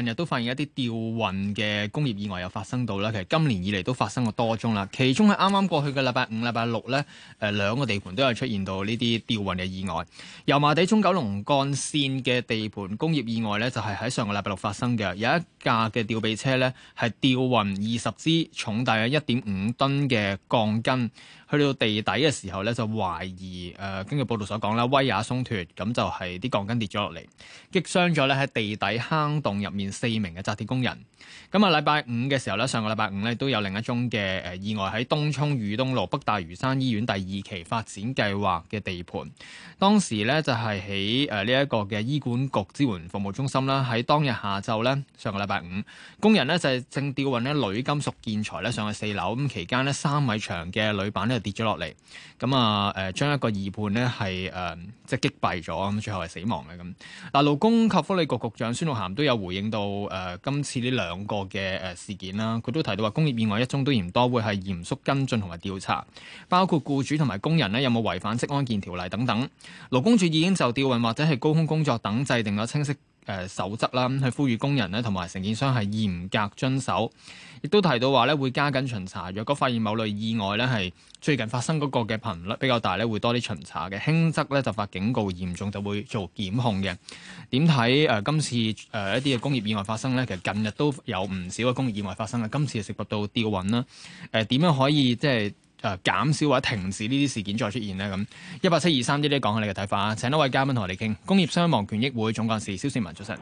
日日都發現一啲吊運嘅工業意外又發生到啦，其實今年以嚟，都發生過多宗啦。其中喺啱啱過去嘅禮拜五、禮拜六呢誒、呃，兩個地盤都有出現到呢啲吊運嘅意外。油麻地中九龍幹線嘅地盤工業意外呢，就係、是、喺上個禮拜六發生嘅，有一架嘅吊臂車呢，係吊運二十支重大約一點五噸嘅鋼筋。去到地底嘅時候咧，就懷疑誒、呃、根據報道所講啦，威也鬆脫，咁就係啲鋼筋跌咗落嚟，擊傷咗咧喺地底坑洞入面四名嘅紮鐵工人。咁、嗯、啊，禮拜五嘅時候咧，上個禮拜五咧都有另一宗嘅誒、呃、意外喺東涌裕東路北大嶼山醫院第二期發展計劃嘅地盤。當時咧就係喺誒呢一個嘅醫管局支援服務中心啦，喺當日下晝咧，上個禮拜五，工人咧就係、是、正吊運咧鋁金屬建材咧上去四樓，咁期間咧三米長嘅鋁板咧，就跌咗落嚟，咁啊，誒，將一個二判咧係誒，即係擊斃咗，咁最後係死亡嘅咁。嗱，勞工及福利局局長孫玉菡都有回應到，誒、呃，今次呢兩個嘅誒事件啦，佢都提到話工業意外一宗都嫌多，會係嚴肅跟進同埋調查，包括僱主同埋工人呢有冇違反職安健條例等等。勞工處已經就吊運或者係高空工作等，制定咗清晰。誒守則啦，咁去呼籲工人呢，同埋承建商係嚴格遵守，亦都提到話呢，會加緊巡查，若果發現某類意外呢，係最近發生嗰個嘅頻率比較大呢，會多啲巡查嘅。輕則呢，就發警告，嚴重就會做檢控嘅。點睇誒今次誒一啲嘅工業意外發生呢，其實近日都有唔少嘅工業意外發生嘅。今次食不到吊運啦，誒點樣可以即係？就是誒、啊、減少或者停止呢啲事件再出現呢。咁，一八七二三啲呢，講下你嘅睇法啊！請一位嘉賓同我哋傾，工業傷亡權益會總幹事蕭倩文早晨。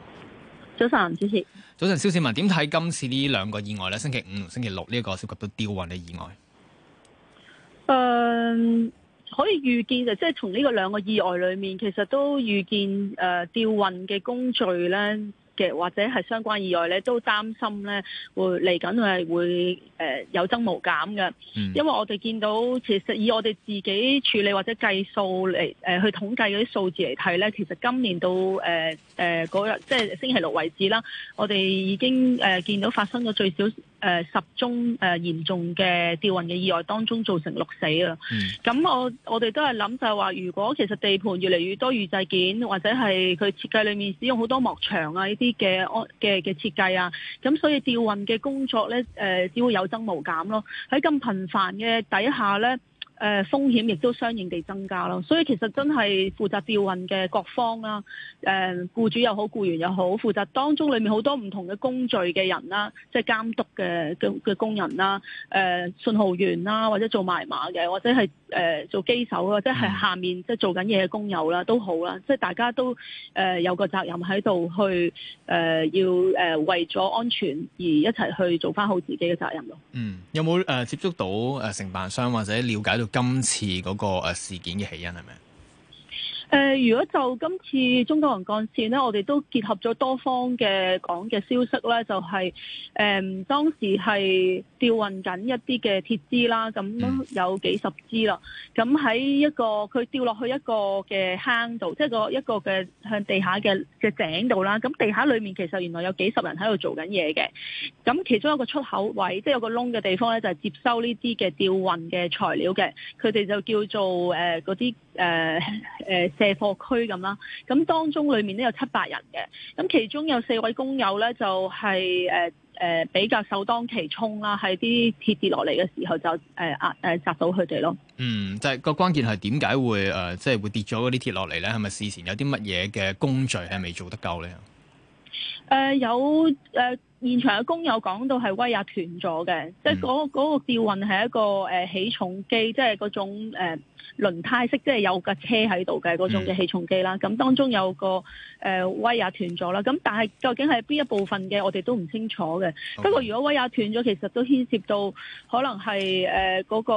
早晨，主持。早晨，蕭倩文，點睇今次呢兩個意外呢？星期五同星期六呢一個涉及到吊運嘅意外。誒、呃，可以預見就即、是、係從呢個兩個意外裡面，其實都預見誒、呃、吊運嘅工序呢。嘅或者係相關意外咧，都擔心咧會嚟緊係會誒、呃、有增無減嘅，mm. 因為我哋見到其實以我哋自己處理或者計數嚟誒去統計嗰啲數字嚟睇咧，其實今年到誒誒嗰日即係星期六為止啦，我哋已經誒、呃、見到發生咗最少。誒、呃、十宗誒、呃、嚴重嘅吊運嘅意外當中造成六死啊。咁、嗯、我我哋都係諗就係話，如果其實地盤越嚟越多預製件，或者係佢設計裏面使用好多幕牆啊呢啲嘅安嘅嘅設計啊，咁、啊、所以吊運嘅工作呢，誒、呃、只會有增無減咯。喺咁頻繁嘅底下呢。誒風險亦都相應地增加咯，所以其實真係負責吊運嘅各方啦，誒僱主又好，僱員又好，負責當中裏面好多唔同嘅工序嘅人啦，即係監督嘅嘅嘅工人啦，誒信號員啦，或者做賣馬嘅，或者係。誒、呃、做機手啊，即係下面即係做緊嘢嘅工友啦，都好啦，即係大家都誒、呃、有個責任喺度去誒要誒、呃、為咗安全而一齊去做返好自己嘅責任咯。嗯，有冇誒、呃、接觸到誒、呃、承辦商或者了解到今次嗰、那個、呃、事件嘅起因係咪？誒、呃，如果就今次中九龍幹線呢，我哋都結合咗多方嘅講嘅消息咧，就係、是、誒、呃、當時係吊運緊一啲嘅鐵枝啦，咁有幾十支啦。咁喺一個佢吊落去一個嘅坑度，即係個一個嘅向地下嘅嘅井度啦。咁地下裡面其實原來有幾十人喺度做緊嘢嘅。咁其中一個出口位，即係有個窿嘅地方呢，就係、是、接收呢啲嘅吊運嘅材料嘅。佢哋就叫做誒嗰啲。呃誒、呃、誒，卸貨區咁啦，咁當中裏面都有七八人嘅，咁其中有四位工友咧，就係誒誒比較首當其衝啦，喺啲鐵跌落嚟嘅時候就誒壓誒砸到佢哋咯。嗯，即、就、係、是、個關鍵係點解會誒即係會跌咗嗰啲鐵落嚟咧？係咪事前有啲乜嘢嘅工序係未做得夠咧？誒、呃，有誒、呃，現場嘅工友講到係威亞斷咗嘅，即係嗰個吊運係一個誒、呃、起重機，即係嗰種誒。呃輪胎式即係有架車喺度嘅嗰種嘅起重機啦，咁、嗯、當中有個誒、呃、威也斷咗啦，咁但係究竟係邊一部分嘅我哋都唔清楚嘅、嗯。不過如果威也斷咗，其實都牽涉到可能係誒嗰個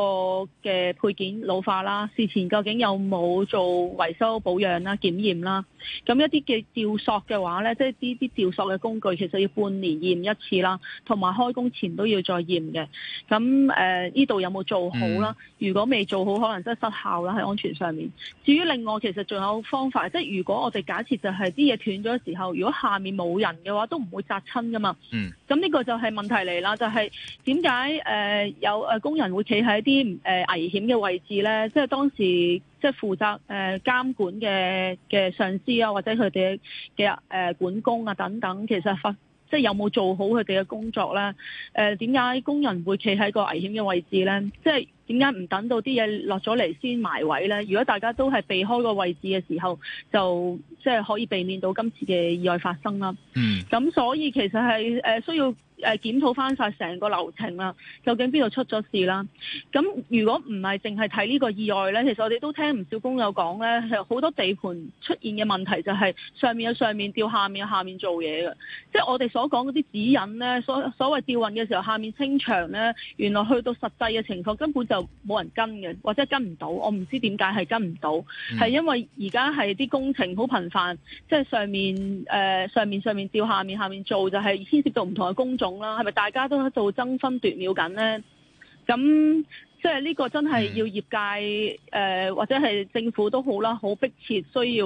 嘅配件老化啦。事前究竟有冇做維修保養啦、檢驗啦？咁一啲嘅吊索嘅話咧，即係呢啲吊索嘅工具其實要半年驗一次啦，同埋開工前都要再驗嘅。咁誒呢度有冇做好啦、嗯？如果未做好，可能真係失。啦喺安全上面，至於另外其實仲有方法，即係如果我哋假設就係啲嘢斷咗嘅時候，如果下面冇人嘅話，都唔會砸親噶嘛。嗯，咁呢個就係問題嚟啦，就係點解誒有誒工人會企喺啲誒危險嘅位置咧？即係當時即係負責誒監管嘅嘅上司啊，或者佢哋嘅誒管工啊等等，其實即係有冇做好佢哋嘅工作呢？誒點解工人會企喺個危險嘅位置呢？即係點解唔等到啲嘢落咗嚟先埋位呢？如果大家都係避開個位置嘅時候，就即係可以避免到今次嘅意外發生啦。嗯，咁所以其實係誒、呃、需要。誒檢討翻晒成個流程啦，究竟邊度出咗事啦？咁如果唔係淨係睇呢個意外咧，其實我哋都聽唔少工友講咧，係好多地盤出現嘅問題就係、是、上面有上面吊，吊下面有下面做嘢嘅。即係我哋所講嗰啲指引咧，所所謂吊運嘅時候，下面清場咧，原來去到實際嘅情況根本就冇人跟嘅，或者跟唔到。我唔知點解係跟唔到，係、嗯、因為而家係啲工程好頻繁，即係上面、呃、上面上面上面吊，下面下面做，就係、是、牽涉到唔同嘅工作。係咪大家都喺度爭分奪秒緊呢？咁。即係呢個真係要業界誒、嗯呃、或者係政府都好啦，好迫切需要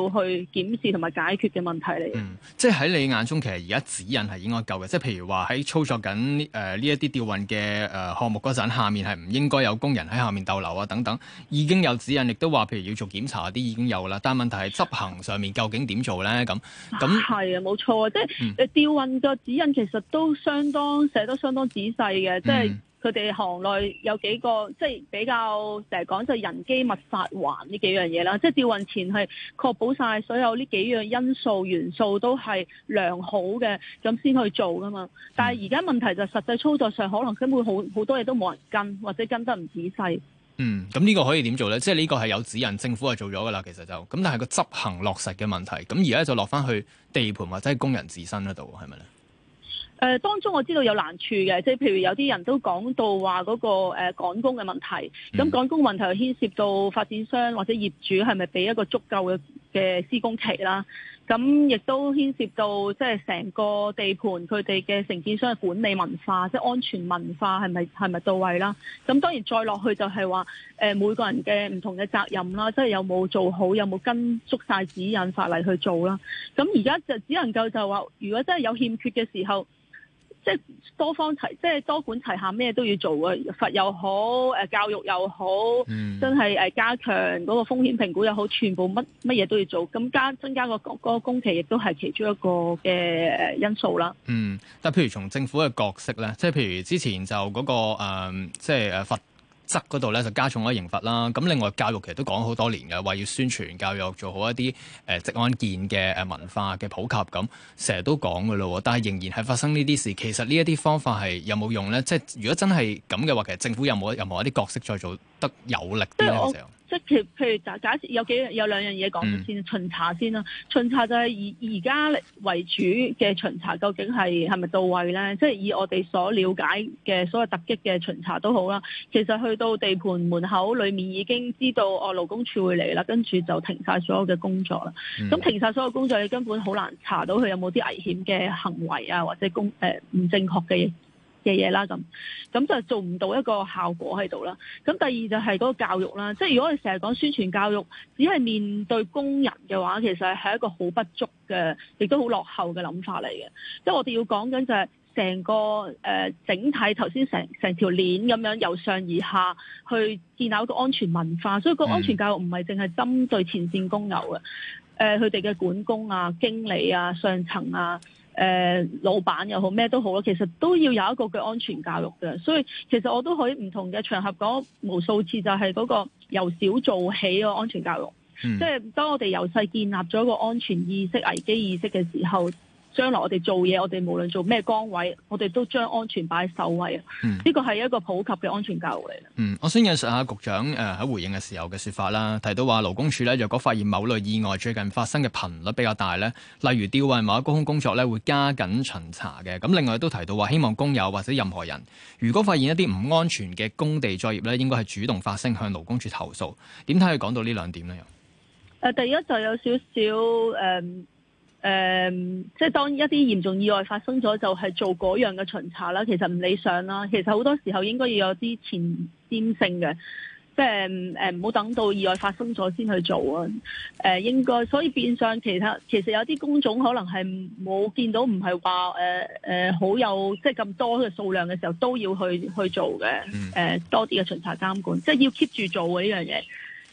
去檢視同埋解決嘅問題嚟。嗯，即係喺你眼中其實而家指引係應該夠嘅，即係譬如話喺操作緊誒呢一啲吊運嘅誒項目嗰陣，下面係唔應該有工人喺下面逗留啊等等。已經有指引，亦都話譬如要做檢查啲已經有啦，但問題係執行上面究竟點做咧？咁咁係啊，冇錯啊，即係吊運個指引其實都相當寫得相當仔細嘅、嗯，即係。佢哋行內有幾個即係比較成日講就人機物法環呢幾樣嘢啦，即係吊運前係確保晒所有呢幾樣因素元素都係良好嘅，咁先去做噶嘛。但係而家問題就實際操作上可能根本好好多嘢都冇人跟，或者跟得唔仔細。嗯，咁呢個可以點做咧？即係呢個係有指引，政府係做咗噶啦，其實就咁，但係個執行落實嘅問題，咁而家就落翻去地盤或者係工人自身嗰度，係咪咧？誒、呃、當中我知道有難處嘅，即係譬如有啲人都講到話嗰、那個誒、呃、趕工嘅問題，咁趕工問題又牽涉到發展商或者業主係咪俾一個足夠嘅嘅施工期啦，咁亦都牽涉到即係成個地盤佢哋嘅承建商嘅管理文化，即係安全文化係咪係咪到位啦？咁當然再落去就係話、呃、每個人嘅唔同嘅責任啦，即、就、係、是、有冇做好，有冇跟足晒指引法例去做啦？咁而家就只能夠就話，如果真係有欠缺嘅時候。即係多方提即係多管齊下，咩都要做啊！罰又好，誒，教育又好，真係誒，加強嗰個風險評估又好，全部乜乜嘢都要做。咁加增加個嗰工期，亦都係其中一個嘅因素啦。嗯，但譬如從政府嘅角色咧，即係譬如之前就嗰、嗰個、嗯、即係誒罰。側嗰度咧就加重咗刑罰啦。咁另外教育其實都講好多年嘅，話要宣傳教育做好一啲誒職安健嘅誒文化嘅普及咁，成日都講嘅咯。但係仍然係發生呢啲事，其實呢一啲方法係有冇用咧？即係如果真係咁嘅話，其實政府有冇任何一啲角色再做得有力啲咧？即係譬如假假設有幾有兩樣嘢講先、嗯，巡查先啦。巡查就係以而家為主嘅巡查，究竟係係咪到位咧？即係以我哋所了解嘅所謂突擊嘅巡查都好啦。其實去到地盤門口裏面已經知道哦勞工處會嚟啦，跟住就停晒所有嘅工作啦。咁、嗯、停晒所有工作，你根本好難查到佢有冇啲危險嘅行為啊，或者工誒唔正確嘅嘢。嘅嘢啦，咁咁就做唔到一個效果喺度啦。咁第二就係嗰個教育啦，即係如果你成日講宣傳教育，只係面對工人嘅話，其實係一個好不足嘅，亦都好落後嘅諗法嚟嘅。即係我哋要講緊就係成個、呃、整體頭先成成條鏈咁樣由上而下去建立一個安全文化，所以個安全教育唔係淨係針對前線工友嘅，誒佢哋嘅管工啊、經理啊、上層啊。誒、呃，老闆又好咩都好咯，其實都要有一個嘅安全教育嘅，所以其實我都可以唔同嘅場合講無數次，就係嗰個由小做起個安全教育，即、嗯、係、就是、當我哋由細建立咗一個安全意識、危機意識嘅時候。將來我哋做嘢，我哋無論做咩崗位，我哋都將安全擺喺首位啊！呢、嗯，這個係一個普及嘅安全教育嚟嗯，我先引述下局長喺、呃、回應嘅時候嘅說法啦，提到話勞工處呢，若果發現某類意外最近發生嘅頻率比較大呢，例如吊運某一高空工作呢會加緊巡查嘅。咁另外都提到話，希望工友或者任何人，如果發現一啲唔安全嘅工地作業呢，應該係主動發聲向勞工處投訴。點睇佢講到呢兩點呢、呃？第一就有少少誒。嗯誒、嗯，即係當一啲嚴重意外發生咗，就係、是、做嗰樣嘅巡查啦。其實唔理想啦。其實好多時候應該要有啲前瞻性嘅，即係誒，唔、嗯、好、嗯、等到意外發生咗先去做啊。誒、嗯，應該所以變相其他，其實有啲工種可能係冇見到，唔係話誒誒好有即係咁多嘅數量嘅時候，都要去去做嘅。誒、呃，多啲嘅巡查監管，即係要 keep 住做啊呢樣嘢。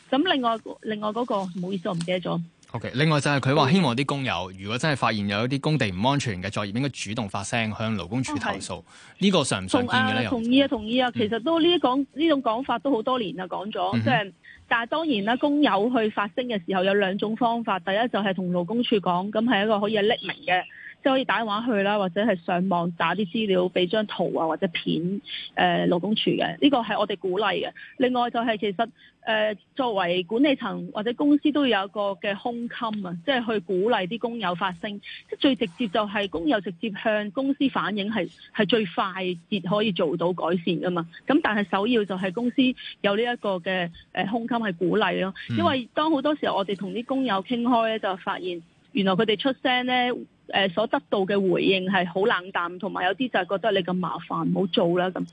咁另外另外嗰、那個，唔好意思，我唔記得咗。OK，另外就係佢話希望啲工友，如果真係發現有一啲工地唔安全嘅作業，應該主動發聲向勞工處投訴。呢、哦呢個常唔常見嘅咧？又同意、啊、同意啊，同意啊，嗯、其實都呢啲講呢種講法都好多年啦，講咗即係，但係當然啦，工友去發聲嘅時候有兩種方法，第一就係同勞工處講，咁係一個可以匿名嘅，即、就、係、是、可以打電話去啦，或者係上網打啲資料，俾張圖啊或者片，誒、呃、勞工處嘅呢個係我哋鼓勵嘅。另外就係其實。誒作為管理層或者公司都要有一個嘅胸襟啊，即係去鼓勵啲工友發聲。即最直接就係工友直接向公司反映，係係最快捷可以做到改善噶嘛。咁但係首要就係公司有呢一個嘅誒胸襟去鼓勵咯。因為當好多時候我哋同啲工友傾開咧，就發現原來佢哋出聲咧。誒所得到嘅回應係好冷淡，同埋有啲就係覺得你咁麻煩，唔好做啦咁。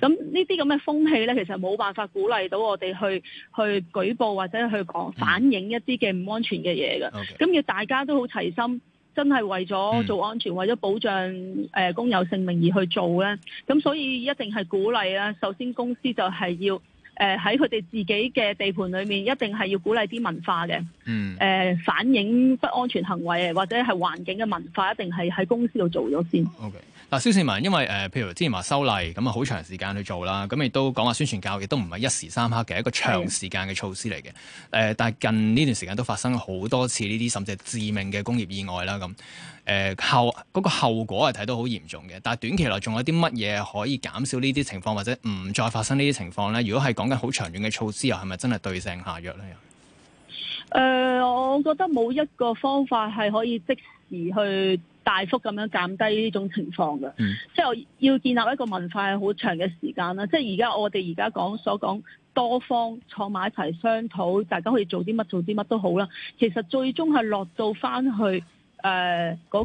咁呢啲咁嘅風氣咧，其實冇辦法鼓勵到我哋去去舉報或者去講反映一啲嘅唔安全嘅嘢嘅。咁、okay. 要大家都好齊心，真係為咗做安全、嗯、為咗保障誒工友性命而去做咧。咁所以一定係鼓勵啦。首先公司就係要。誒喺佢哋自己嘅地盤裏面，一定係要鼓勵啲文化嘅。嗯、mm. 呃，反映不安全行為，或者係環境嘅文化，一定係喺公司度做咗先。Okay. 嗱，蕭倩文，因為誒、呃，譬如之前話修例，咁啊，好長時間去做啦，咁亦都講話宣傳教育，亦都唔係一時三刻嘅一個長時間嘅措施嚟嘅。誒、呃，但係近呢段時間都發生好多次呢啲甚至係致命嘅工業意外啦，咁誒、呃、後嗰、那個後果係睇到好嚴重嘅。但係短期內仲有啲乜嘢可以減少呢啲情況或者唔再發生這些況呢啲情況咧？如果係講緊好長遠嘅措施，又係咪真係對症下藥咧？誒、呃，我覺得冇一個方法係可以即時去。大幅咁樣減低呢種情況嘅。嗯，即係要建立一個文化係好長嘅時間啦。即係而家我哋而家講所講多方坐埋一齊商討，大家可以做啲乜做啲乜都好啦。其實最終係落到翻去嗰，呃嗰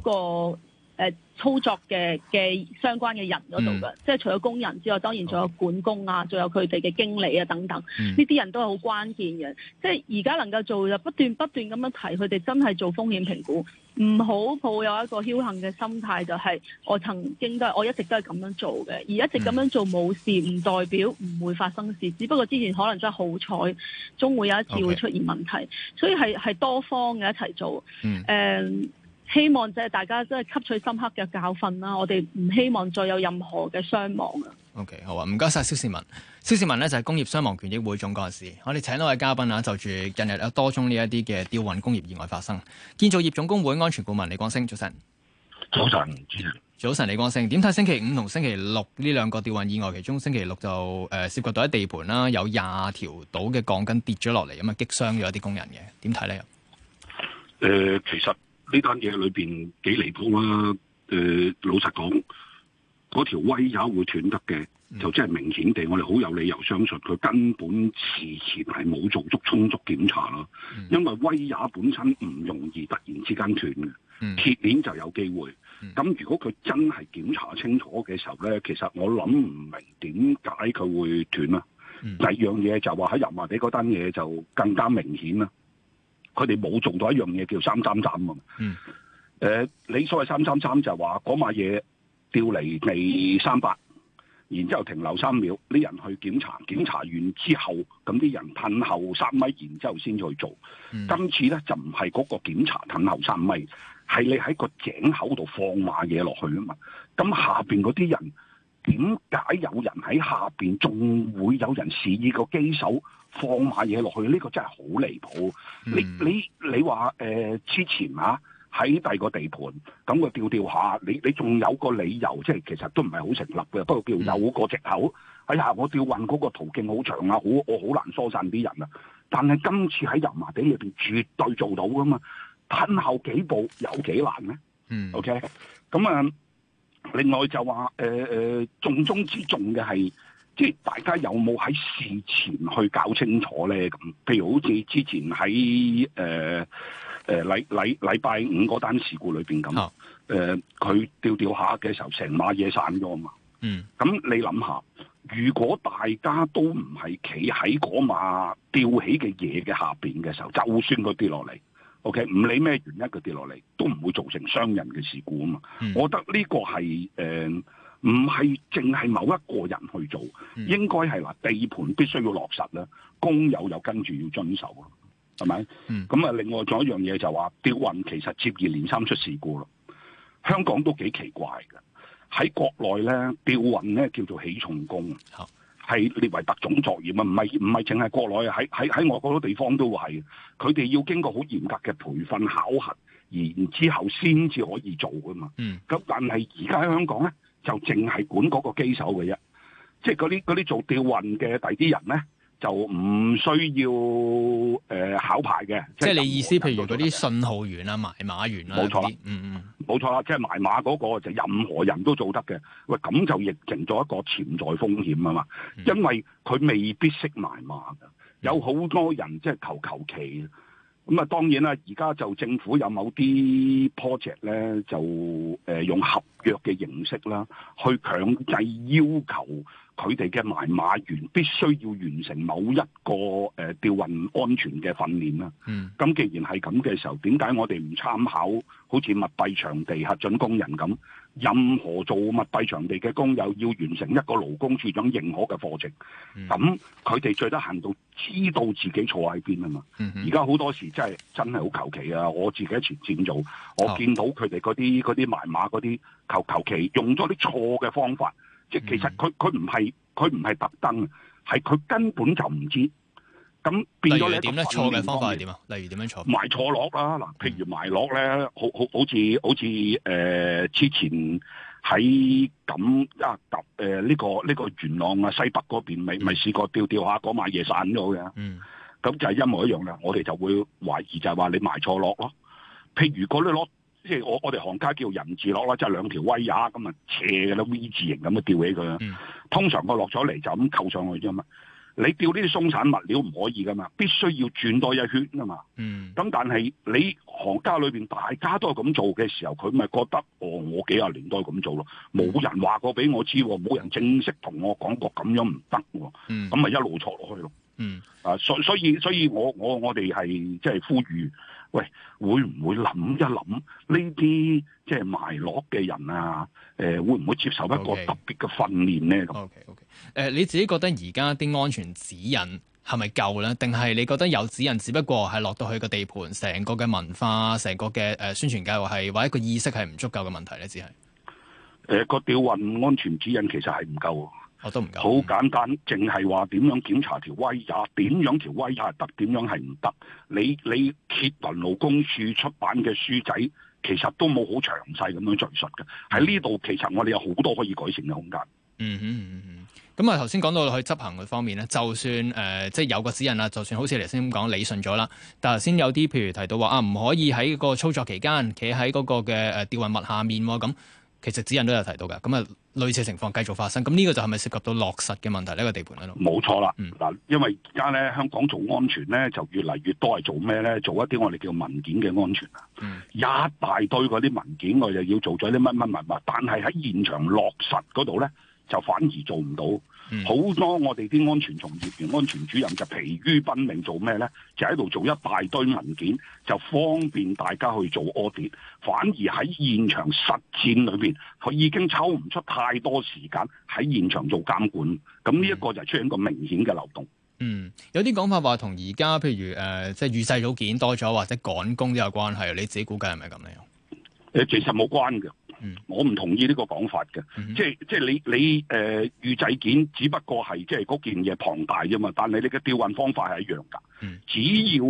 個。誒操作嘅嘅相關嘅人嗰度嘅，即係除咗工人之外，當然仲有管工啊，仲、okay. 有佢哋嘅經理啊等等，呢、嗯、啲人都係好關鍵嘅。即係而家能夠做就不斷不斷咁樣提，佢哋真係做風險評估，唔好抱有一個僥幸嘅心態，就係我曾經都係我一直都係咁樣做嘅，而一直咁樣做冇事，唔代表唔會發生事、嗯。只不過之前可能真係好彩，總會有一次會出現問題。Okay. 所以係係多方嘅一齊做，誒、嗯。嗯。希望即係大家即係吸取深刻嘅教訓啦！我哋唔希望再有任何嘅傷亡啊！OK，好啊！唔該晒蕭倩文，蕭倩文呢就係工業傷亡權益會總幹事。我哋請到位嘉賓啊，就住近日有多宗呢一啲嘅吊運工業意外發生，建造業總工會安全顧問李光昇早晨。早晨，早晨，李光昇。點睇星期五同星期六呢兩個吊運意外？其中星期六就誒、呃、涉及到喺地盤啦，有廿條度嘅鋼筋跌咗落嚟，咁啊擊傷咗一啲工人嘅，點睇呢？誒、呃，其實。呢單嘢裏邊幾離譜啊！誒，老實講，嗰條威也會斷得嘅，就真係明顯地，我哋好有理由相信佢根本事前係冇做足充足檢查啦、嗯。因為威也本身唔容易突然之間斷嘅，鐵、嗯、鏈就有機會。咁、嗯、如果佢真係檢查清楚嘅時候呢，其實我諗唔明點解佢會斷啊、嗯！第二樣嘢就話喺油麻地嗰單嘢就更加明顯啦。佢哋冇做到一樣嘢叫三三三啊嘛！嗯，誒、呃，你所謂三三三就係話嗰碼嘢掉嚟未三八，然之後停留三秒，啲人去檢查，檢查完之後，咁啲人褪後三米，然之後先再做、嗯。今次咧就唔係嗰個檢查褪後三米，係你喺個井口度放碼嘢落去啊嘛！咁下面嗰啲人點解有人喺下面？仲會有人示意個機手？放埋嘢落去呢、這個真係好離譜，你你你話誒、呃、之前啊喺第二個地盤咁佢吊吊下，你你仲有個理由，即係其實都唔係好成立嘅，不過叫有個藉口、嗯。哎呀，我吊運嗰個途徑好長啊，好我好難疏散啲人啊。但係今次喺油麻地裏邊絕對做到噶嘛，吞後幾步有幾難咧？嗯，OK。咁、呃、啊，另外就話誒誒，重中之重嘅係。即係大家有冇喺事前去搞清楚咧？咁，譬如好似之前喺誒、呃呃、禮、禮、禮拜五嗰單事故裏面咁，誒、哦、佢、呃、吊吊下嘅時候，成馬嘢散咗啊嘛。嗯，咁你諗下，如果大家都唔係企喺嗰馬吊起嘅嘢嘅下面嘅時候，就算佢跌落嚟，OK，唔理咩原因佢跌落嚟，都唔會造成傷人嘅事故啊嘛。嗯、我覺得呢個係誒。呃唔係淨係某一個人去做，嗯、應該係話地盤必須要落實啦，工友又跟住要遵守咯，係咪？咁、嗯、啊，另外仲有一樣嘢就話吊運，其實接二連三出事故咯。香港都幾奇怪嘅，喺國內咧吊運咧叫做起重工，係列為特種作業啊，唔係唔係淨係國內，喺喺喺外國好多地方都會係，佢哋要經過好嚴格嘅培訓考核，然之後先至可以做噶嘛。咁、嗯、但係而家喺香港咧？就淨係管嗰個機手嘅啫，即係嗰啲啲做吊運嘅第二啲人咧，就唔需要誒、呃、考牌嘅。即係你意思，譬如嗰啲信號員啦、埋馬員啦，冇錯，嗯嗯，冇錯啦。即係埋馬嗰個就任何人都做得嘅、啊啊嗯嗯就是。喂，咁就形成咗一個潛在風險啊嘛，嗯、因為佢未必識埋馬嘅，嗯、有好多人即係求求其。咁啊，當然啦，而家就政府有某啲 project 咧，就誒用合約嘅形式啦，去強制要求。佢哋嘅埋馬員必須要完成某一個誒吊運安全嘅訓練啦。嗯，咁既然係咁嘅時候，點解我哋唔參考好似密閉場地核准工人咁，任何做密閉場地嘅工友要完成一個勞工處長認可嘅課程？咁佢哋最得行到知道自己錯喺邊啊嘛。而家好多時真係真係好求其啊！我自己喺前線做、哦，我見到佢哋嗰啲嗰啲埋馬嗰啲求求其用咗啲錯嘅方法。其實佢佢唔係佢唔係特登啊，係佢根本就唔知，咁變咗你點咧？錯嘅方法係點啊？例如點樣錯？埋錯落啦，嗱，譬如埋落咧，好好好似好似誒，之前喺咁啊，誒、呃、呢、這個呢、這個元朗啊、西北嗰邊，咪咪試過吊吊下，嗰晚嘢散咗嘅，嗯，咁就係一模一樣啦。我哋就會懷疑就係話你埋錯落咯，譬如嗰啲落。即係我我哋行家叫人字攞啦，即、就、係、是、兩條威呀咁啊斜噶啦 V 字形咁啊吊起佢、嗯、通常我落咗嚟就咁扣上去啫嘛。你吊呢啲鬆散物料唔可以噶嘛，必須要轉多一圈啊嘛。咁、嗯、但係你行家裏邊大家都係咁做嘅時候，佢咪覺得哦，我幾十年都係咁做咯，冇、嗯、人話過俾我知，冇人正式同我講過咁樣唔得。咁、嗯、咪一路錯落去咯、嗯。啊，所所以所以我我我哋係即係呼籲。喂，會唔會諗一諗呢啲即係埋落嘅人啊？誒、呃，會唔會接受一個特別嘅訓練咧？咁、okay. 誒、okay. okay. 呃，你自己覺得而家啲安全指引係咪夠咧？定係你覺得有指引，只不過係落到去個地盤，成個嘅文化、成個嘅誒、呃、宣傳計劃係或者個意識係唔足夠嘅問題咧？只係誒個吊運安全指引其實係唔夠。我都唔好簡單，淨係話點樣檢查條威也，點樣條威也得，點樣係唔得。你你揭雲勞工處出版嘅書仔，其實都冇好詳細咁樣敘述嘅。喺呢度其實我哋有好多可以改善嘅空間。嗯哼嗯哼嗯哼嗯哼。咁啊，頭先講到去執行嘅方面咧，就算誒、呃、即係有個指引啦，就算好似你頭先咁講理順咗啦，但係先有啲譬如提到話啊，唔可以喺個操作期間企喺嗰個嘅誒吊運物下面喎咁。其實指引都有提到噶，咁啊類似情況繼續發生，咁呢個就係咪涉及到落實嘅問題呢？呢個地盤喺度？冇錯啦。嗯，嗱，因為而家咧香港做安全咧，就越嚟越多係做咩咧？做一啲我哋叫文件嘅安全啊，嗯，一大堆嗰啲文件，我又要做咗啲乜乜物物，但係喺現場落實嗰度咧，就反而做唔到。好、嗯、好多我哋啲安全從業員、安全主任就疲於奔命，做咩呢？就喺度做一大堆文件，就方便大家去做 audit，反而喺現場實戰裏邊，佢已經抽唔出太多時間喺現場做監管。咁呢一個就出現個明顯嘅漏洞。嗯，有啲講法話同而家譬如誒、呃，即係預製組件多咗或者趕工都有關係。你自己估計係咪咁樣呢？其實冇關嘅。嗯、我唔同意呢個講法嘅。嗯嗯，即係即係你你誒、呃、預製件只不過係即係嗰件嘢龐大啫嘛。但係你嘅吊運方法係一樣噶，嗯。只要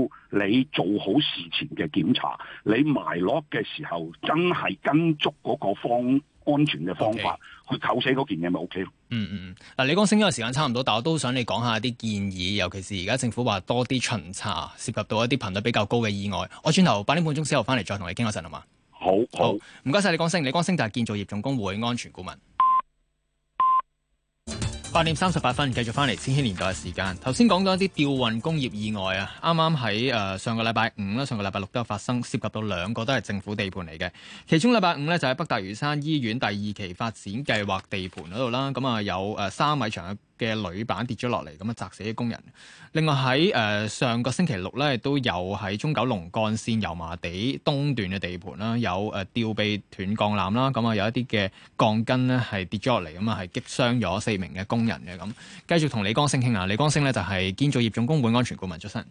你做好事前嘅檢查，你埋落嘅時候真係跟足嗰個方安全嘅方法，okay，去扣死嗰件嘢，咪 O K 咯。嗯嗯，嗱，李光昇嘅時間差唔多，但我都想你講下啲建議，尤其是而家政府話多啲巡查，涉及到一啲頻率比較高嘅意外。我轉頭八點半鐘之後翻嚟再同你傾下先，好嘛？好，好，唔該晒李光昇，李光昇就係建造業總工會安全顧問。八點三十八分，繼續翻嚟千禧年代嘅時間。頭先講到一啲吊運工業意外啊，啱啱喺誒上個禮拜五啦，上個禮拜六都有發生，涉及到兩個都係政府地盤嚟嘅。其中禮拜五呢，就喺、是、北大嶼山醫院第二期發展計劃地盤嗰度啦，咁啊有誒、呃、三米長嘅。嘅鋁板跌咗落嚟，咁啊砸死啲工人。另外喺誒、呃、上個星期六咧，都有喺中九龍幹線油麻地東段嘅地盤啦，有誒、呃、吊臂斷鋼纜啦，咁啊有一啲嘅鋼筋呢，係跌咗落嚟，咁啊係擊傷咗四名嘅工人嘅咁。繼續同李光昇傾下。李光昇呢，就係、是、建造業總工會安全顧問出身。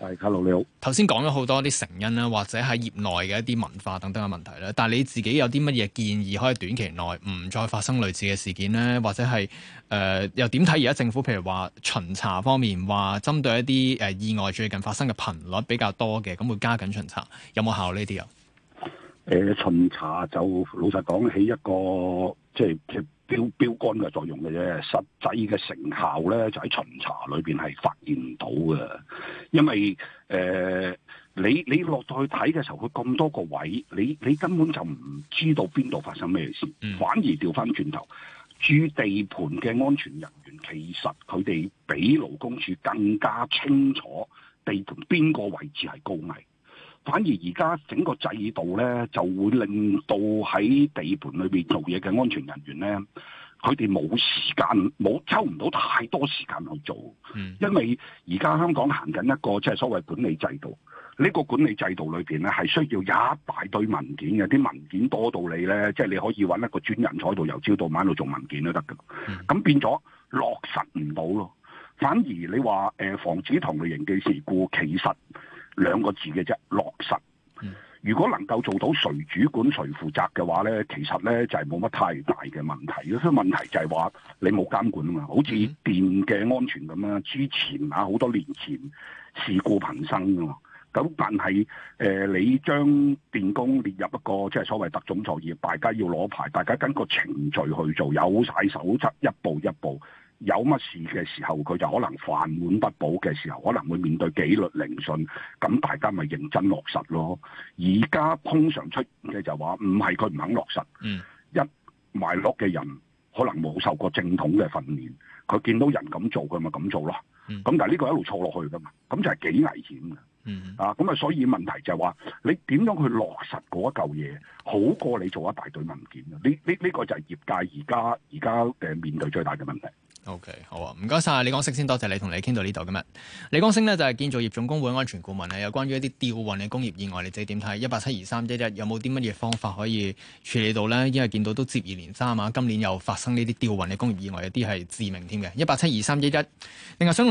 係，卡洛你好。頭先講咗好多啲成因啦，或者喺業內嘅一啲文化等等嘅問題咧。但係你自己有啲乜嘢建議，可以短期內唔再發生類似嘅事件呢？或者係誒、呃，又點睇而家政府，譬如話巡查方面，話針對一啲誒、呃、意外最近發生嘅頻率比較多嘅，咁會加緊巡查，有冇效呢啲啊？誒、呃，巡查就老實講，起一個。即係標標竿嘅作用嘅啫，實際嘅成效咧就喺巡查裏邊係發現唔到嘅，因為誒、呃、你你落到去睇嘅時候，佢咁多個位，你你根本就唔知道邊度發生咩事，嗯，反而調翻轉頭，住地盤嘅安全人員其實佢哋比勞工處更加清楚地盤邊個位置係高危。反而而家整個制度咧，就會令到喺地盤裏面做嘢嘅安全人員咧，佢哋冇時間，冇抽唔到太多時間去做。嗯、因為而家香港行緊一個即係、就是、所謂管理制度，呢、這個管理制度裏面咧係需要一大堆文件嘅，啲文件多到你咧，即、就、係、是、你可以搵一個專人坐喺度，由朝到晚喺度做文件都得㗎。咁、嗯、變咗落實唔到咯。反而你話、呃、防止同類型嘅事故，其實。兩個字嘅啫，落實。如果能夠做到誰主管誰負責嘅話咧，其實咧就係冇乜太大嘅問題。如果問題就係話你冇監管啊嘛，好似電嘅安全咁啦，之前啊好多年前事故頻生啊嘛。咁但係，呃，你將電工列入一個即係所謂特種作業，大家要攞牌，大家根據程序去做，有晒手則，一步一步。有乜事嘅時候，佢就可能飯碗不保嘅時候，可能會面對紀律聆訊。咁大家咪認真落實咯。而家通常出現嘅就話，唔係佢唔肯落實。嗯，一埋落嘅人可能冇受過正統嘅訓練，佢見到人咁做，佢咪咁做咯。咁、嗯、但係呢個一路錯落去㗎嘛，咁就係幾危險嘅。嗯，啊，咁啊，所以問題就係話，你點樣去落實嗰一嚿嘢，好過你做一大堆文件。呢呢呢個就係業界而家而家嘅面對最大嘅問題。O.K. 好啊，唔該晒。李光昇先，多謝你同你傾到呢度今日。李光昇呢，就係、是、建造業總工會安全顧問咧，有關於一啲吊運嘅工業意外，你自己點睇？一八七二三一一有冇啲乜嘢方法可以處理到呢？因為見到都接二連三啊，今年又發生呢啲吊運嘅工業意外，有啲係致命添嘅。一八七二三一一，另外想。